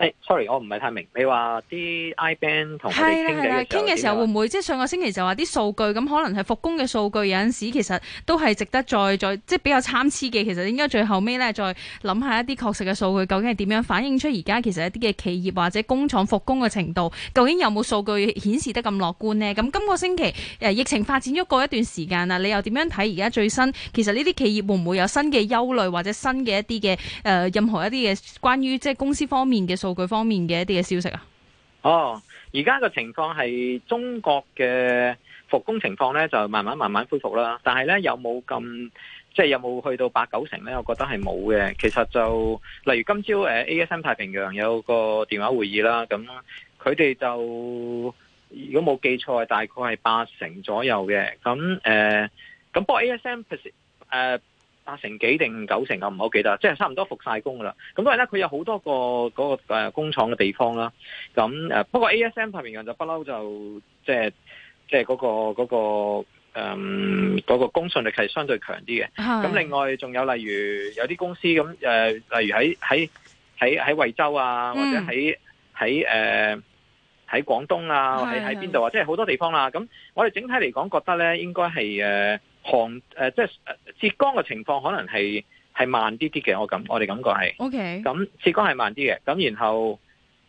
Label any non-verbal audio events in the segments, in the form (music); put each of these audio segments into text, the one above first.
哎、Sorry，我唔係太明。你話啲 I band 同佢哋傾嘅時候，傾嘅時候會唔會即係上個星期就話啲數據咁，可能係復工嘅數據，有陣時其實都係值得再再即係比較參差嘅。其實應該最後尾咧，再諗下一啲確實嘅數據，究竟係點樣反映出而家其實一啲嘅企業或者工廠復工嘅程度，究竟有冇數據顯示得咁樂觀呢？咁今個星期、啊、疫情發展咗過一段時間啊，你又點樣睇而家最新？其實呢啲企業會唔會有新嘅憂慮或者新嘅一啲嘅、呃、任何一啲嘅關於即公司方面嘅數據？數據方面嘅一啲嘅消息啊，哦，而家嘅情況係中國嘅復工情況咧就慢慢慢慢恢復啦，但係咧有冇咁即係有冇去到八九成咧？我覺得係冇嘅。其實就例如今朝誒、呃、，ASM 太平洋有個電話會議啦，咁佢哋就如果冇記錯，大概係八成左右嘅。咁誒、咁、呃、不過 ASM 誒、呃。八、啊、成幾定九成啊？唔好記得，即係差唔多復晒工噶啦。咁當然咧，佢有好多個嗰、嗰個工廠嘅地方啦。咁誒，不過 ASM 入面嘅就不嬲就即係即係、嗰、嗰個嗰、嗰個公、嗯嗰個、信力係相對強啲嘅。咁另外仲有例如有啲公司咁誒、呃，例如喺喺喺喺惠州啊，嗯、或者喺喺誒喺廣東啊，或者喺邊度啊，即係好多地方啦、啊。咁、嗯、我哋整體嚟講，覺得咧應該係誒。呃杭誒即係浙江嘅情況，可能係係慢啲啲嘅。我感我哋感覺係 OK。咁浙江係慢啲嘅。咁然後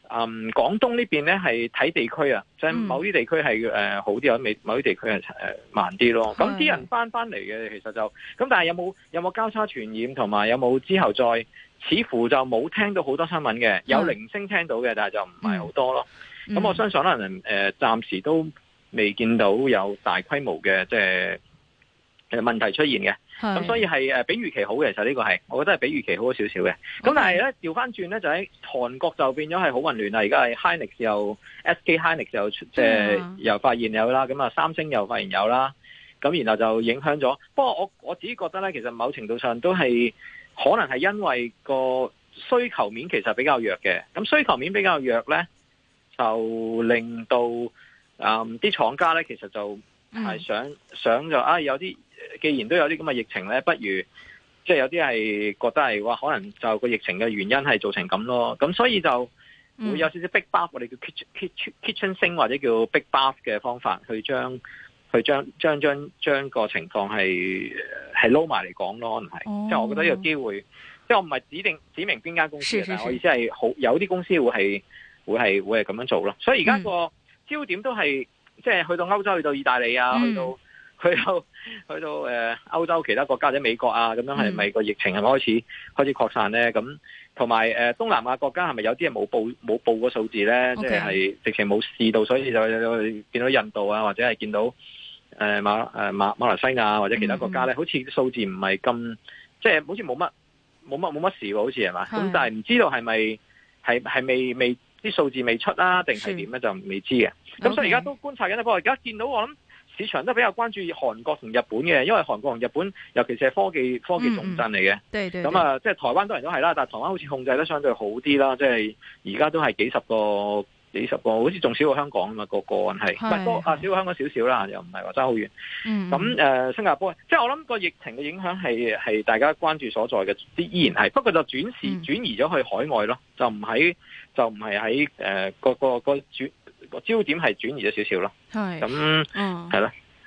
嗯廣東邊呢邊咧係睇地區啊，即、就、係、是、某啲地區係、嗯呃、好啲，有啲某啲地區係、呃、慢啲咯。咁、嗯、啲人翻翻嚟嘅其實就咁，但係有冇有冇交叉傳染同埋有冇之後再似乎就冇聽到好多新聞嘅，有零星聽到嘅、嗯，但係就唔係好多咯。咁我相信可能誒、呃、暫時都未見到有大規模嘅即係嘅問題出現嘅，咁、嗯、所以係比預期好嘅，其實呢個係我覺得係比預期好少少嘅。咁、okay。但係咧，調翻轉咧，就喺韓國就變咗係好混亂啦。而家係海力士又 SK 海力士又即係、呃嗯啊、又發現有啦，咁啊三星又發現有啦，咁然後就影響咗。不過我我自己覺得咧，其實某程度上都係可能係因為個需求面其實比較弱嘅，咁需求面比較弱咧，就令到啊啲、嗯、廠家咧其實就。係想想就啊，有啲既然都有啲咁嘅疫情咧，不如即係、就是、有啲係覺得係話可能就個疫情嘅原因係造成咁咯。咁所以就會有少少 big b a 我哋叫 kitch, kitch, kitchen kitchen k 或者叫 big bath 嘅方法去將去將將將將個情況係係撈埋嚟講咯，係即係我覺得呢個機會，即、哦、係我唔係指定指明邊間公司，是是是但係我意思係好有啲公司會係會係會係咁樣做咯。所以而家個焦點都係。嗯即係去到歐洲，去到意大利啊，嗯、去到去到去到誒、呃、歐洲其他國家，或者美國啊，咁樣係咪個疫情係開始、嗯、開始擴散咧？咁同埋誒東南亞國家係咪有啲係冇報冇報個數字咧？即、Okay. 係直情冇試到，所以就，就，就見到印度啊，或者係見到誒、呃、馬誒馬馬來西亞或者其他國家咧、嗯就是，好似數字唔係咁，即係好似冇乜冇乜冇乜事喎，好似係嘛？咁但係唔知道係咪係係未未？未啲數字未出啦、啊，定係點咧就未知嘅。咁、okay. 所以而家都觀察緊啦。不過而家見到我諗市場都比較關注韓國同日本嘅，因為韓國同日本尤其是係科技科技重鎮嚟嘅。咁、嗯、啊，即係台灣當然都人都係啦，但台灣好似控制得相對好啲啦。即係而家都係幾十個。幾十個，好似仲少過香港啊嘛，個個案係唔係多啊？少過香港少少啦，又唔係話差好遠。嗯咁誒、呃，新加坡即係我諗個疫情嘅影響係係大家關注所在嘅，啲依然係，不過就轉時轉移咗去海外咯，就唔喺就唔係喺誒個個個個，個，主個焦點係轉移咗少少咯。係咁，係啦。哦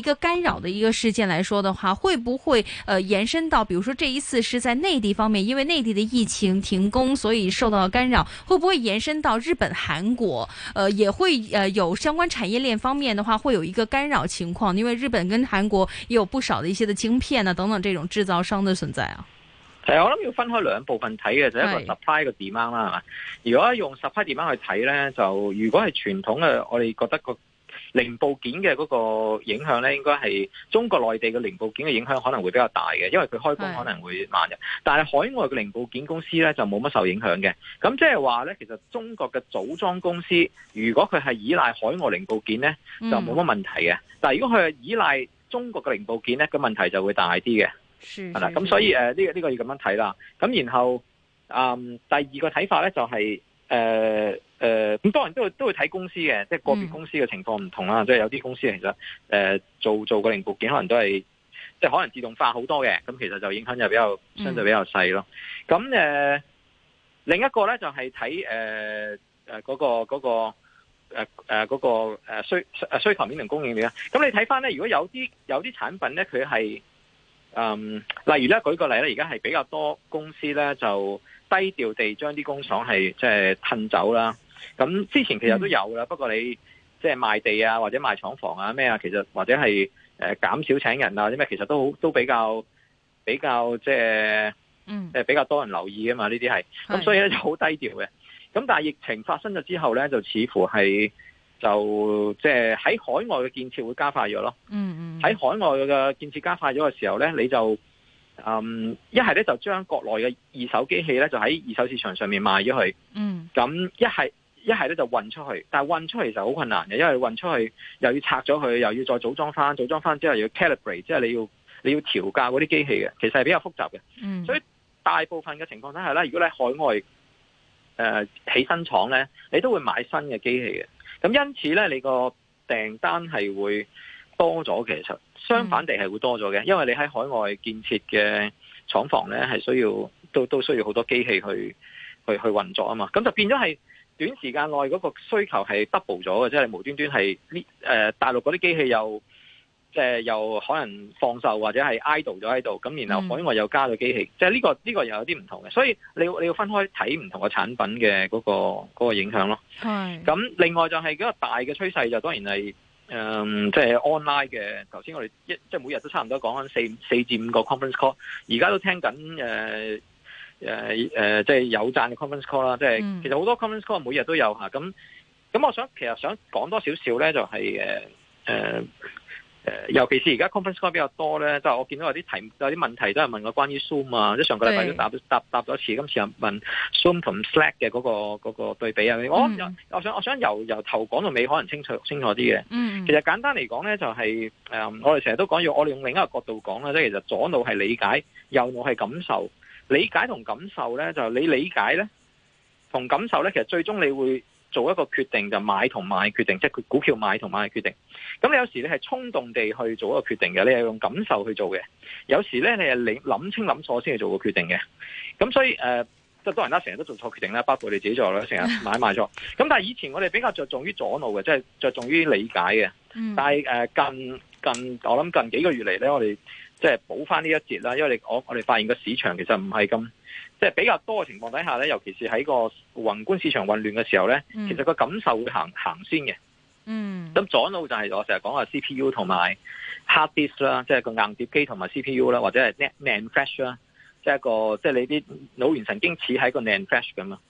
一個干擾的一個事件來說的話，會不會呃延伸到，比如說這一次是在內地方面，因為內地的疫情停工，所以受到干擾，會不會延伸到日本、韓國？呃，也會呃有相關產業鏈方面的話，會有一個干擾情況，因為日本跟韓國也有不少的一些的晶片啊等等這種製造商的存在啊。係啊，我諗要分開兩部分睇嘅，就一個 supply 個 demand 啦，係嘛？如果係用 supply demand 去睇呢，就如果係傳統嘅，我哋覺得個。零部件嘅嗰個影響咧，應該係中國內地嘅零部件嘅影響可能會比較大嘅，因為佢開工可能會慢嘅。是的，但係海外嘅零部件公司咧就冇乜受影響嘅。咁即係話咧，其實中國嘅組裝公司，如果佢係依賴海外零部件咧，就冇乜問題嘅。嗯、但係如果佢係依賴中國嘅零部件咧，個問題就會大啲嘅。係啦，咁所以誒呢、呃呢個呢、呢個要咁樣睇啦。咁然後、嗯，第二個睇法咧就係、是、誒。呃誒、呃，咁當然都會都會睇公司嘅，即係個別公司嘅情況唔同啦。即、嗯、係、即係、有啲公司其實誒、呃、做做個零部件，可能都係即係可能自動化好多嘅，咁、嗯嗯、其實就影響就比較相對比較細咯。咁、嗯、誒、呃，另一個咧就係睇誒誒嗰個嗰、嗰個誒誒嗰個誒需需求面同供應面啦。咁、嗯、你睇翻咧，如果有啲有啲產品咧，佢係嗯，例如咧，舉個例咧，而家係比較多公司咧，就低調地將啲工廠係即係褪走啦。咁之前其實都有啦，嗯，不過你即係、就是、賣地啊，或者賣廠房啊咩啊，其實或者係誒減少請人啊啲咩，其實都好都比較比較即係、就是，嗯，比較多人留意啊嘛，呢啲係咁，嗯，所以咧就好低調嘅。咁但係疫情發生咗之後咧，就似乎係就即係喺海外嘅建設會加快咗咯。嗯嗯。喺海外嘅建設加快咗嘅時候咧，你就嗯一係咧就將國內嘅二手機器咧就喺二手市場上面賣咗佢。嗯。咁一係。一係咧就運出去，但係運出去其實好困難嘅，因為運出去又要拆咗佢，又要再組裝翻，組裝翻之後要 calibrate，即係你要你要調校嗰啲機器嘅，其實係比較複雜嘅、嗯。所以大部分嘅情況底下咧，如果你喺海外誒、呃、起新廠咧，你都會買新嘅機器嘅。咁因此咧，你個訂單係會多咗，其實相反地係會多咗嘅、嗯，因為你喺海外建設嘅廠房咧，係需要都都需要好多機器去去去運作啊嘛。咁就變咗係短時間內嗰個需求係 double 咗嘅，即、就、係、是、無端端係呢誒大陸嗰啲機器又即係、呃、又可能放售或者係 idle 咗喺度，咁然後海外又加咗機器，即係呢個呢、這個又有啲唔同嘅，所以你要你要分開睇唔同嘅產品嘅嗰、那個那個影響咯。係咁，另外就係嗰個大嘅趨勢就當然係誒、呃就是，即係 online 嘅。頭先我哋一即係每日都差唔多講緊四四至五個 conference call，而家都聽緊誒。呃誒、呃、誒，即、呃、係、就是、有贊嘅 conference call 啦，即係其實好多 conference call 每日都有嚇。咁咁，我想其實想講多少少咧，就係誒誒誒，尤其是而家 conference call 比較多咧，就是、我見到有啲題有啲問題都係問我關於 Zoom 啊，即上個禮拜都答答答咗一次。今次又問 Zoom 同 Slack 嘅嗰、嗰個嗰、嗰個、對比啊。我、嗯、我，我想我想由由頭講到尾，可能清楚清楚啲嘅、嗯嗯。其實簡單嚟講咧，就係誒，我哋成日都講要我哋用另一個角度講啦，即、就、係、是、其實左腦係理解，右腦係感受。理解同感受咧，就是、你理解咧同感受咧，其實最終你會做一個決定，就買同賣決定，即係股股票買同買決定。咁你有時你係衝動地去做一個決定嘅，你係用感受去做嘅。有時咧，你係你諗清諗楚先去做個決定嘅。咁所以誒、即、呃、係多人啦，成日都做錯決定啦，包括我哋自己做啦，成日買買錯。咁 (laughs) 但係以前我哋比較着重於左腦嘅，即係着重於理解嘅、嗯。但係誒、呃、近近我諗近幾個月嚟咧，我哋。即係補翻呢一節啦，因為你我我哋發現個市場其實唔係咁，即、就、係、是、比較多嘅情況底下咧，尤其是喺個宏觀市場混亂嘅時候咧、嗯，其實個感受會行行先嘅。嗯，咁左腦就係我成日講話 CPU 同埋 hard disk 啦，即係個硬碟機同埋 CPU 啦、嗯，或者係 NAND flash 啦、就是嗯嗯就是嗯嗯，即係個即係你啲腦元神經似喺個 NAND flash 咁啊，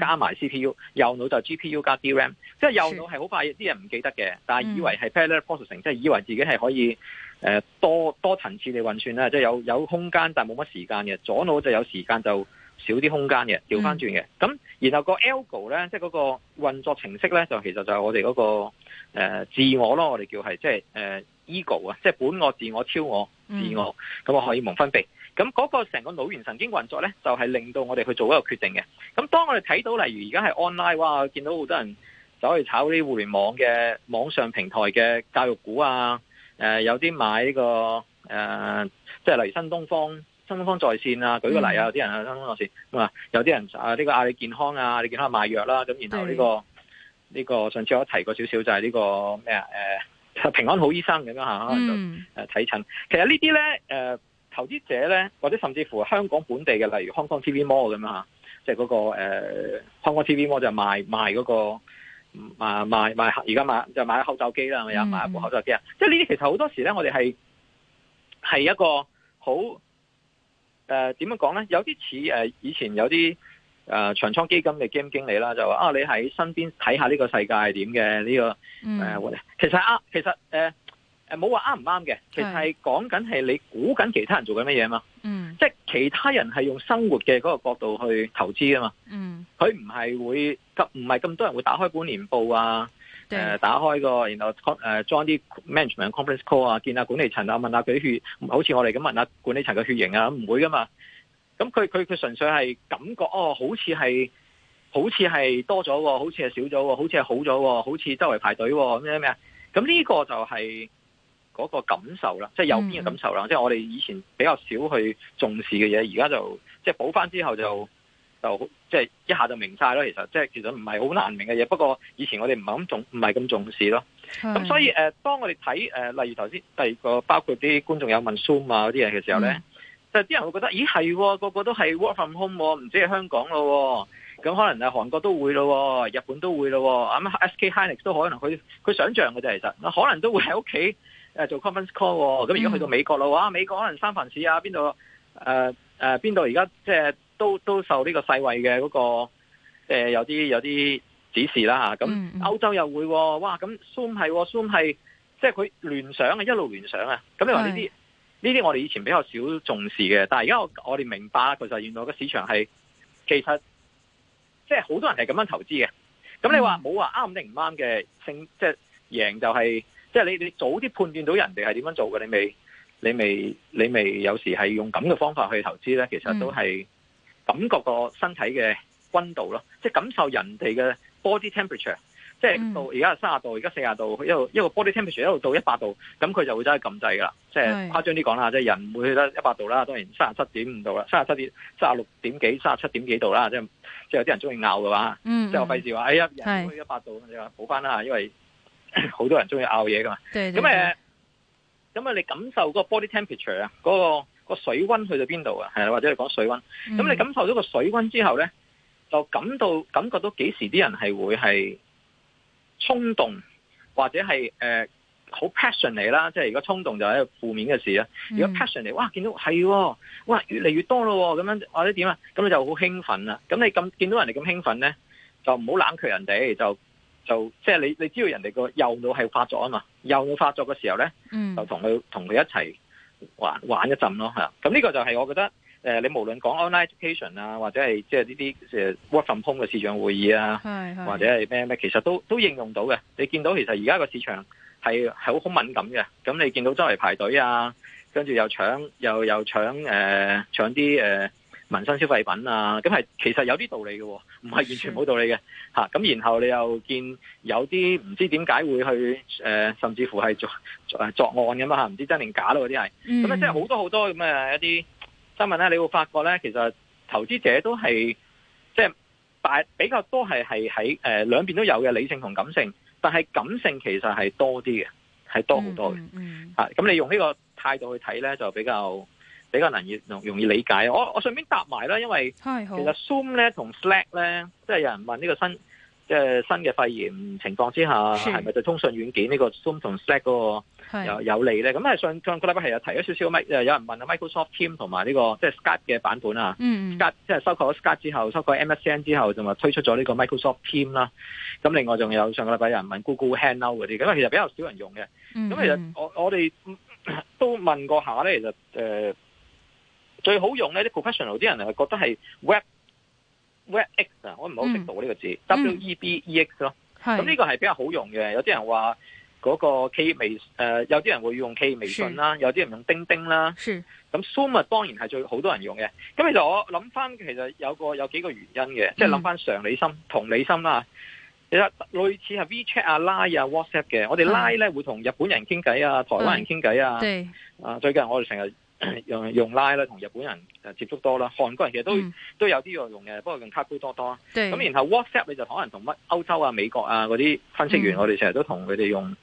加埋 CPU。右腦就 GPU 加 DRAM，即係右腦係好快啲人唔記得嘅，但係以為係 parallel processing，即係以為自己係可以。誒，多多層次地運算咧，即係有有空間，但係冇乜時間嘅。左腦就有時間就少啲空間嘅，調翻轉嘅。咁、嗯、然後個 algo 咧，即係嗰個運作程式咧，就其實就係我哋嗰、那個誒、呃、自我咯，我哋叫係即係誒 ego 啊，即係、呃、本我、自我、超我、嗯、自我，咁我可以蒙分泌，咁嗰個成個腦元神經運作咧，就係、是、令到我哋去做一個決定嘅。咁當我哋睇到，例如而家係 online，哇，見到好多人走去炒啲互聯網嘅網上平台嘅教育股啊。誒、呃，有啲買、這個誒，即、呃、係、就是、例如新東方、新東方在線啊，舉個例啊，有啲人喺新東方在線，咁、嗯嗯、啊，有啲人啊呢個阿里健康啊，阿里健康賣藥啦，咁然後呢、這個呢、這個上次我提過少少就係呢、這個咩啊？誒、呃，平安好醫生咁樣吓、啊嗯，可能就誒睇診。其實呢啲咧，誒、呃、投資者咧，或者甚至乎香港本地嘅，例如康、就是那個、呃、港 TV Mall 咁啊，即係嗰個誒香港 TV Mall 就賣賣、那、嗰個。買買買，而家買，買，買就買口罩機啦，有買一部口罩機啊、嗯！即係呢啲其實好多時咧，我哋係係一個好誒，點、呃、樣講咧？有啲似誒，以前有啲誒、呃、長倉基金嘅基金經理啦，就話啊，你喺身邊睇下呢個世界係點嘅呢個誒、嗯呃，其實啊，其實誒。呃誒，冇話啱唔啱嘅，其實係講緊係你估緊其他人做緊乜嘢嘛？嗯，即係其他人係用生活嘅嗰個角度去投資啊嘛。嗯，佢唔係會咁，唔係咁多人會打開本年報啊，誒、呃，打開個然後誒、uh, join 啲 management conference call 啊，見下管理層啊，問下佢啲血，好似我哋咁問下管理層嘅血型啊，咁唔會噶嘛。咁佢佢佢純粹係感覺哦，好似係，好似係多咗，啊，好似係少咗，啊，好似係好咗，啊，好似周圍排隊，咁樣咩啊？咁呢個就係、是。嗰、那個感受啦，即係右邊嘅感受啦、嗯，即係我哋以前比較少去重視嘅嘢，而家就即係補翻之後就就即係一下就明晒咯。其實即係其實唔係好難明嘅嘢，不過以前我哋唔係咁重，唔係咁重視咯。咁所以誒、呃，當我哋睇誒，例如頭先第二個包括啲觀眾有問 Zoom 啊嗰啲嘢嘅時候咧、嗯，就啲人會覺得咦係、哦、個個都係 Work from Home，唔知唔止係香港咯、哦，咁可能啊韓國都會咯、哦，日本都會咯、哦，咁 SK Hynix 都可能佢佢想像嘅啫，其實可能都會喺屋企。誒，做 conference call 咁，而家去到美國喇、嗯、哇！美國可能三藩市啊，邊度誒誒，邊度而家即係都都受呢個世衛嘅嗰個誒、呃，有啲有啲指示啦吓。咁歐洲又會、哦，哇！咁 Zoom 係，Zoom 係，即係佢聯想啊，一路聯想啊。咁你話呢啲呢啲，我哋以前比較少重視嘅，但係而家我我哋明白，其實原來個市場係其實即係好多人係咁樣投資嘅。咁你話冇話啱定唔啱嘅勝，即係贏就係、是就是。即係你你早啲判斷到人哋係點樣做嘅，你未你未你未有時係用咁嘅方法去投資咧，其實都係感覺個身體嘅温度咯，即係感受人哋嘅 body temperature，即係到而家卅度，而家四十度一路一路 body temperature 一路到一百度，咁佢就會真係禁制噶啦。即係誇張啲講啦，即係人唔會去得一百度啦，當然卅七點五度啦，卅七點卅六點幾卅七點幾度啦，即係即係有啲人中意拗嘅話，即係我費事話哎呀，人去一百度，你話補翻啦，因為。好 (laughs) 多人中意拗嘢噶嘛，咁誒，咁、嗯、啊，你感受個 body temperature 啊、那個，嗰、那個個水溫去到邊度啊？係或者你講水溫。咁、嗯、你感受咗個水溫之後咧，就感到感覺到幾時啲人係會係衝動，或者係誒好、呃、passionate 嚟啦。即係、嗯、如果衝動就係一個負面嘅事啦，如果 passionate 嚟，哇，見到係，哇，越嚟越多咯，咁樣或者點啊？咁你就好興奮啦。咁你咁見到人哋咁興奮咧，就唔好冷卻人哋就。就即係你，你知道人哋個右腦係發作啊嘛，右腦發作嘅時候咧、嗯，就同佢同佢一齊玩玩一陣咯，咁、啊、呢個就係我覺得，誒、呃，你無論講 online education 啊，或者係即係呢啲 work from home 嘅市場會議啊，是是或者係咩咩，其實都都應用到嘅。你見到其實而家個市場係係好好敏感嘅，咁你見到周圍排隊啊，跟住又搶又又搶誒，搶啲誒。民生消費品啊，咁係其實有啲道理嘅，唔係完全冇道理嘅吓咁、啊、然後你又見有啲唔知點解會去、呃、甚至乎係作呃作案咁啊，唔知真定假咯嗰啲係。咁即係好多好多咁嘅一啲新聞咧，你會發覺咧，其實投資者都係即係比較多係係喺兩邊都有嘅理性同感性，但係感性其實係多啲嘅，係多好多嘅吓咁、嗯嗯啊、你用呢個態度去睇咧，就比較，比較難以容易容易理解，我我順便答埋啦，因為其實 Zoom 咧同 Slack 咧，即係有人問呢個新即、呃、新嘅肺炎情況之下，係、嗯、咪對通訊軟件呢、呢個 Zoom 同 Slack 嗰個有有利咧？咁、嗯、係上上個禮拜係有提咗少少有人問 Microsoft Teams 同埋、呢、呢個即係 Skype 嘅版本啊 Skype 即係收購咗 Skype 之後，收購 MSN 之後，就咪推出咗呢個 Microsoft Teams 啦。咁另外仲有上個禮拜有人問 Google Hangout 嗰啲，咁其實比較少人用嘅。咁、嗯嗯、其實我我哋都問過下咧，其、呃、實最好用咧，啲 professional 啲人係覺得係 web web x 啊，我唔係好識到呢個字 w e b e x 咯。咁、mm. 呢、mm. 個係比較好用嘅。有啲人話嗰個企業微誒、呃，有啲人會用企業微信啦，有啲人用釘釘啦。咁 zoom 啊，當然係最好多人用嘅。咁其實我諗翻，其實有個有幾個原因嘅，即係諗翻常理心、同理心啦。其實類似係 WeChat 啊、Line 啊、WhatsApp 嘅。我哋 Line 咧、mm. 會同日本人傾偈啊，台灣人傾偈啊。啊、mm.，最近我哋成日。嗯、用用 Line 啦，同日本人接觸多啦，韓國人其實都、嗯、都有啲要用嘅，不過用咖啡多多。咁然後 WhatsApp 你就可能同乜歐洲啊、美國啊嗰啲分析員，嗯、我哋成日都同佢哋用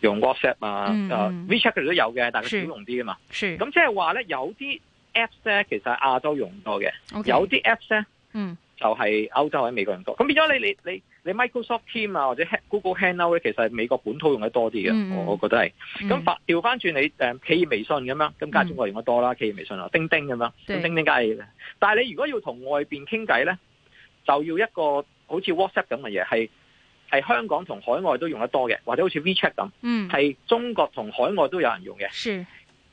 用 WhatsApp 啊，就 WeChat 佢哋都有嘅，但佢少用啲啊嘛。咁即係話咧，有啲 Apps 咧其實亞洲用多嘅，okay, 有啲 Apps 咧，嗯，就係歐洲或者美國人多。咁變咗你你你。你你你 Microsoft Teams 啊，或者 Google Hangout 咧，其實係美國本土用得多啲嘅，我、嗯、我覺得係。咁調翻轉你誒企業微信咁啦，咁加中國用得多啦，企業微信啊、嗯、叮叮咁啦，叮叮梗係。但係你如果要同外邊傾偈咧，就要一個好似 WhatsApp 咁嘅嘢，係係香港同海外都用得多嘅，或者好似 WeChat 咁，係、嗯、中國同海外都有人用嘅。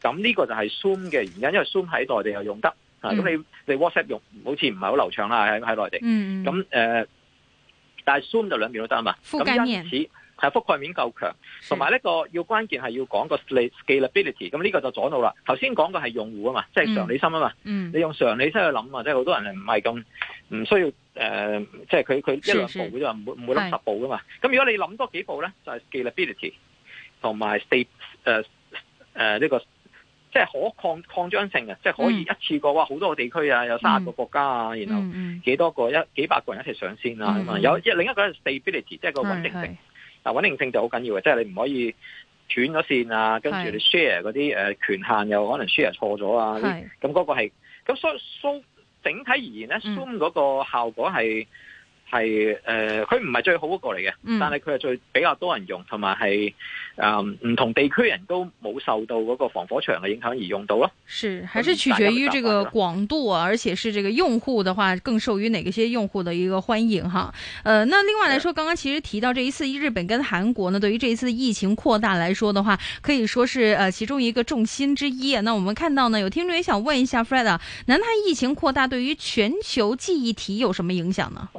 咁呢個就係 Zoom 嘅原因，因為 Zoom 喺內地又用得。嗯、啊。咁你你 WhatsApp 用好似唔係好流暢啦，喺喺內地。咁、嗯但係 Zoom 就兩邊都得啊嘛，咁因此係覆蓋面夠強，同埋呢個要關鍵係要講個 state scalability，咁呢個就阻到啦。頭先講個係用戶啊嘛，即係常理心啊嘛、嗯，你用常理心去諗啊，即係好多人係唔係咁唔需要誒、呃，即係佢佢一兩,兩步嘅啫，唔唔會諗十步噶嘛。咁如果你諗多幾步咧，就係、是、scalability 同埋 state 誒誒呢個。即係可擴擴張性嘅，即係可以一次過、嗯、哇好多個地區啊，有三十個國家啊，然後幾多個、嗯、一幾百個人一齊上線啦、啊、嘛、嗯，有另一個係 stability，即係個穩定性，啊，穩定性就好緊要嘅，即係你唔可以斷咗線啊，跟住你 share 嗰啲誒權限又可能 share 錯咗啊，咁嗰個係咁所以，so 整體而言咧 Zoom 嗰個效果係。係呃佢唔係最好嗰一個嚟嘅，但係佢係最比較多人用，同埋係呃唔同地區人都冇受到嗰個防火牆嘅影響而用到咯。是，還是取決於這個廣度、啊，而且是這個用戶的話更受於哪些用戶的一個歡迎哈。呃那另外來說，剛剛其實提到這一次日本跟韓國呢，對於這一次疫情擴大來說的話，可以說是呃其中一個重心之一、啊。那我們看到呢，有聽眾也想問一下 Fred，難道疫情擴大對於全球記憶體有什麼影響呢？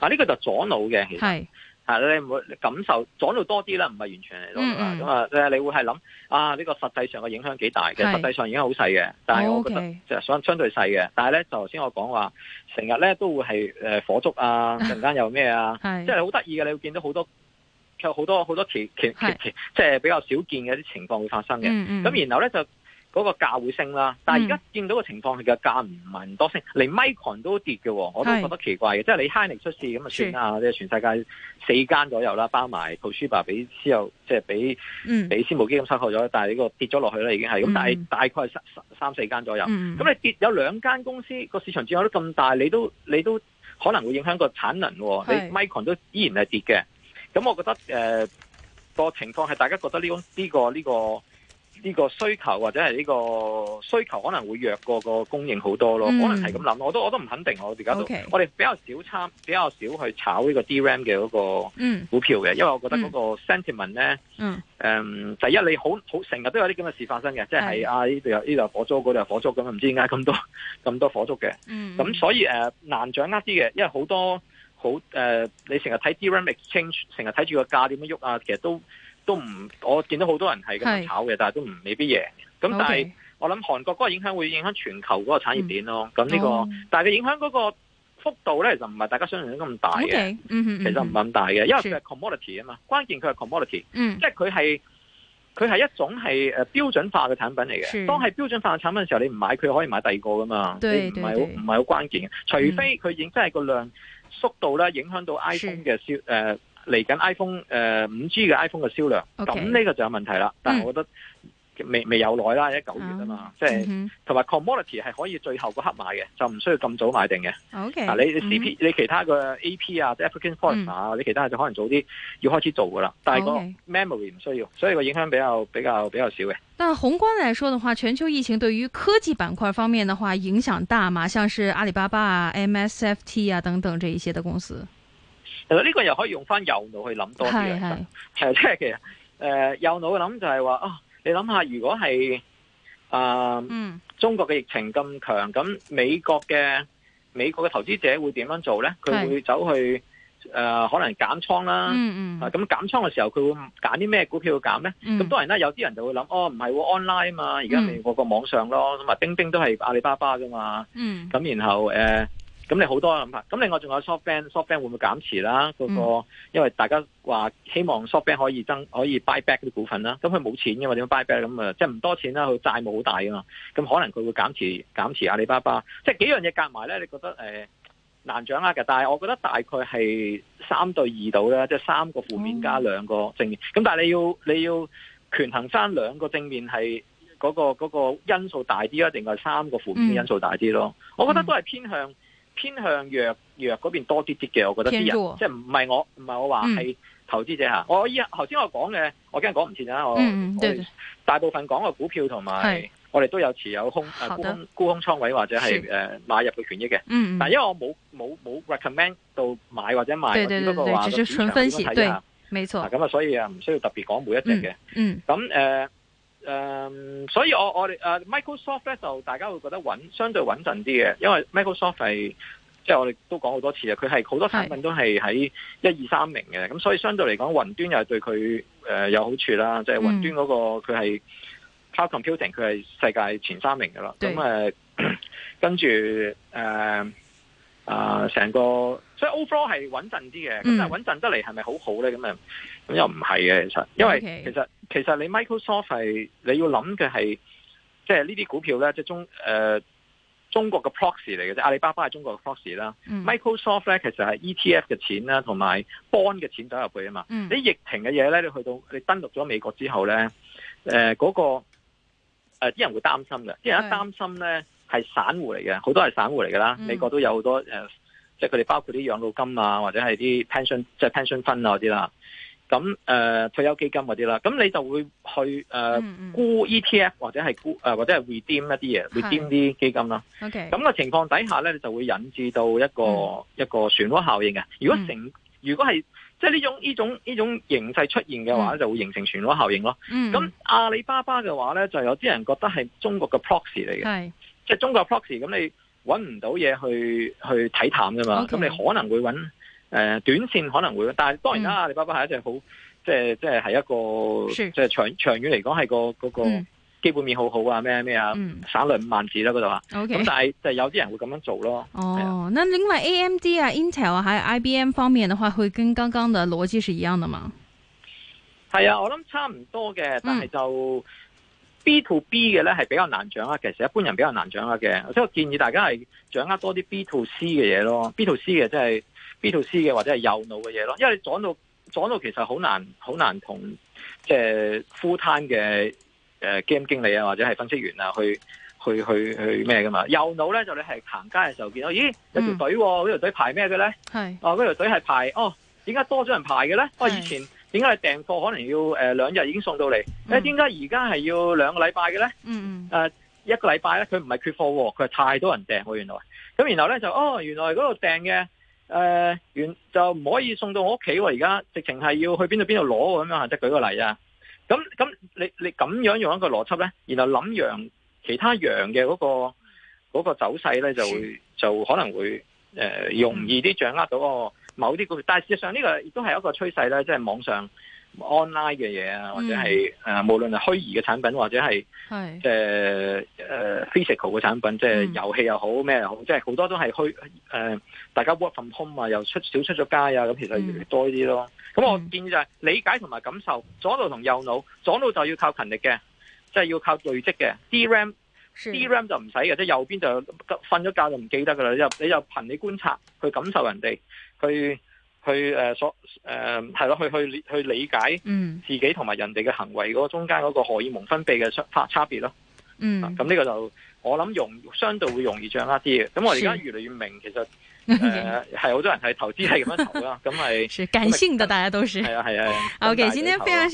啊！呢、這個就阻腦嘅，其實係、啊、你唔會感受阻腦多啲啦，唔係完全嚟到咁啊，你會係諗啊，呢、這個實際上嘅影響幾大嘅，實際上已經好細嘅。但係我覺得就相、哦 okay、相對細嘅。但係咧，就頭先我講話，成日咧都會係誒、呃、火燭啊，陣間又咩啊， (laughs) 即係好得意嘅。你會見到好多，多多其實好多好多奇奇即係比較少見嘅一啲情況會發生嘅。咁、嗯嗯、然後咧就。嗰、那個價會升啦，但係而家見到個情況係個價唔係唔多升，連 Micron 都跌嘅，我都覺得奇怪嘅。即係你 Hynix 出事咁啊算啦，即係全世界四間左右啦，包埋 Toshiba 俾之後即係俾俾私募基金收購咗，但係呢個跌咗落去啦已經係咁，大大概三三四間左右。咁、嗯嗯嗯、你跌有兩間公司個市場佔有率咁大，你都你都可能會影響個產能。你 Micron 都依然係跌嘅，咁我覺得誒、呃那個情況係大家覺得呢呢個呢個。呢個呢個呢、這個需求或者係呢個需求可能會弱過個供應好多咯，嗯、可能係咁諗我都我都唔肯定。我而家都，okay. 我哋比較少參，比較少去炒呢個 DRAM 嘅嗰個股票嘅、嗯，因為我覺得嗰個 sentiment 咧，誒、嗯嗯、第一你好好成日都有啲咁嘅事發生嘅，即係喺啊呢度有呢度火燭，嗰度有火燭咁唔知點解咁多咁多火燭嘅。咁、嗯、所以誒、呃、難掌握啲嘅，因為好多好誒、呃、你成日睇 DRAM exchange，成日睇住個價點樣喐啊，其實都。都唔，我見到好多人係咁樣炒嘅，但係都唔未必贏咁、okay, 但係我諗韓國嗰個影響會影響全球嗰個產業鏈咯。咁、嗯、呢、呢個，哦、但係佢影響嗰個幅度咧，就唔係大家想象中咁大嘅、okay, 嗯嗯。其實唔係咁大嘅，因為佢係 commodity 啊嘛是。關鍵佢係 commodity，、嗯、即係佢係佢係一種係誒標準化嘅產品嚟嘅。當係標準化嘅產品嘅時候，你唔買佢可以買第二個噶嘛。唔係好唔係好關鍵嘅，除非佢影真係個量速度咧影響到 iPhone 嘅銷誒。嚟緊 iPhone 誒五 G 嘅 iPhone 嘅銷量，咁、okay, 呢個就有問題啦、嗯。但係我覺得未未有耐啦，而家九月啊嘛，即係同埋 commodity 係可以最後個刻買嘅，就唔需要咁早買定嘅。Okay, 啊，你 CP 你其他個 AP 啊，African phone 啊，你其他、啊嗯、你其他就可能早啲要開始做噶啦。但係個 memory 唔需要，所以個影響比較比較比較少嘅。但係宏觀嚟說嘅話，全球疫情對於科技板塊方面嘅話影響大嘛？像是阿里巴巴、啊、MSFT 啊等等這一些的公司。其實呢個又可以用翻右腦去諗多啲，係即係其實誒、呃、右腦去諗就係話啊，你諗下如果係、呃嗯、中國嘅疫情咁強，咁美國嘅美國嘅投資者會點樣做咧？佢會走去誒、呃、可能減倉啦，咁、嗯嗯啊、減倉嘅時候佢會揀啲咩股票減咧？咁、嗯、當然啦，有啲人就會諗哦，唔係喎 online 嘛，而家美國個個網上咯，同埋釘釘都係阿里巴巴噶嘛，咁、嗯、然後誒。呃咁你好多諗法，咁另外仲有 soft bank, soft bank 會唔會減持啦？嗰、那個、嗯、因為大家話希望 soft bank 可以增可以 buy back 啲股份啦，咁佢冇錢嘅嘛，點樣 buy back？咁啊即係唔多錢啦，佢債務好大嘅嘛，咁可能佢會減持減持阿里巴巴，即、就、係、是、幾樣嘢夾埋咧，你覺得誒、呃、難掌握嘅，但係我覺得大概係三對二度啦，即係三個負面加兩個正面，咁、嗯、但係你要你要權衡翻兩個正面係嗰、那個那個因素大啲啊，定係三個負面嘅因素大啲咯、嗯？我覺得都係偏向。偏向弱弱嗰邊多啲啲嘅，我覺得啲人即係唔係我唔係我話係、嗯、投資者吓，我依頭先我講嘅，我驚講唔切啦，我，、嗯、對對我大部分講嘅股票同埋我哋都有持有空、啊、沽空沽空倉位或者係誒、呃、買入嘅權益嘅、嗯，但係因為我冇冇冇 recommend 到買或者賣，只不過話純分析睇下，冇錯，咁啊所以啊唔需要特別講每一隻嘅，咁、嗯、誒。嗯誒、um,，所以我我哋、uh, Microsoft 咧就大家會覺得穩相對穩陣啲嘅，因為 Microsoft 係即係我哋都講好多次啊，佢係好多產品都係喺一二三名嘅，咁所以相對嚟講雲端又係對佢誒、呃、有好處啦，即係雲端嗰、那個佢係 Cloud Computing 佢係世界前三名嘅啦，咁誒、呃、 (coughs) 跟住誒誒成個。所以 overall 係穩陣啲嘅，咁但係穩陣得嚟係咪好好咧？咁啊，咁又唔係嘅，其實，因為其實、okay. 其實你 Microsoft 係你要諗嘅係，即係呢啲股票咧，即係中誒、呃、中國嘅 proxy 嚟嘅啫，阿里巴巴係中國嘅 proxy 啦、mm.，Microsoft 咧其實係 ETF 嘅錢啦，同埋 bond 嘅錢走入去啊嘛。Mm. 你疫情嘅嘢咧，你去到你登陸咗美國之後咧，嗰、呃嗰個啲、呃、人會擔心嘅，啲人擔心咧係散戶嚟嘅，好多係散戶嚟嘅啦，mm. 美國都有好多、呃即係佢哋包括啲養老金啊，或者係啲即係 pension fund 啊嗰啲啦。咁誒、呃、退休基金嗰啲啦，咁你就會去誒沽、呃嗯嗯、ETF 或者係沽誒或者係 redeem 一啲嘢，redeem 啲基金啦、啊。咁、okay、嘅、那個、情況底下咧，你就會引致到一個、嗯、一個漩渦效應嘅。如果成如果係即係呢種呢種呢種形勢出現嘅話、嗯，就會形成漩渦效應咯。咁、嗯、阿里巴巴嘅話咧，就有啲人覺得係中國嘅 proxy 嚟嘅，即係、就是、中國嘅 proxy。咁你。搵唔到嘢去去睇淡噶嘛，咁、okay. 你可能會搵誒、呃、短線可能會，但係當然啦，阿里巴巴係一隻好、嗯、即係即係係一個是即係長長遠嚟講係個嗰、那個基本面好好啊咩咩啊，嗯、省略五萬字啦嗰度啊，咁、okay. 但係就是有啲人會咁樣做咯。哦、oh, 啊，那另外 A M D 啊、Intel 啊，還有 I B M 方面的話，會跟剛剛的邏輯是一樣的嗎？係啊，oh. 我諗差唔多嘅，但係就。嗯 B to B 嘅咧係比較難掌握嘅，其實一般人比較難掌握嘅，所以我建議大家係掌握多啲 B to C 嘅嘢咯。B to C 嘅即係 B to C 嘅或者係右腦嘅嘢咯。因為你左腦左腦其實好難好難同即係、呃、full time 嘅誒、呃、game 經理啊或者係分析員啊去去去去咩嘅嘛。右腦咧就你係行街嘅時候見到，咦有一條隊嗰、哦嗯、條隊排咩嘅咧？係哦，嗰條隊係排哦，點解多咗人排嘅咧？因、哦、以前。點解你訂貨可能要誒兩日已經送到嚟？誒，點解而家係要兩個禮拜嘅咧？嗯，誒、嗯嗯呃、一個禮拜咧，佢唔係缺貨，佢係太多人訂，我原來。咁然後咧就哦，原來嗰度訂嘅誒原就唔可以送到我屋企喎，而家直情係要去邊度邊度攞咁樣，即舉個例啊。咁咁你你咁樣用一個邏輯咧，然後諗羊其他羊嘅嗰個嗰、嗰個走勢咧，就會就可能會誒、呃、容易啲掌握到、嗰個。某啲故事但係，事實上呢個亦都係一個趨勢啦。即、就、係、是、網上 online 嘅嘢啊，或者係誒、呃，無論係虛擬嘅產品或者係，即係誒 physical 嘅產品，即係遊戲又好咩又好，即、嗯、係好、就是、多都係虛誒，大家 work from home 啊，又出少出咗街啊，咁其實越嚟越多啲咯。咁、嗯、我建議就係理解同埋感受，左腦同右腦，左腦就要靠勤力嘅，即、就、係、是、要靠累積嘅，D RAM。DRAM D RAM 就唔使嘅，即係右邊就瞓咗覺就唔記得噶啦。你就你就憑你觀察去感受人哋，去去誒所誒係咯，去、呃呃、去去、去理解自己同埋人哋嘅行為個中間個荷爾蒙分泌嘅差差別咯。嗯、咁、啊、呢個就我諗容相對會容易掌握啲嘅。咁我而家越嚟越明，其實誒係好多人係投資係咁樣投啦。咁係、就是， (laughs) 是感性的，大家都是。係啊係啊係啊。O、okay, K，今天非常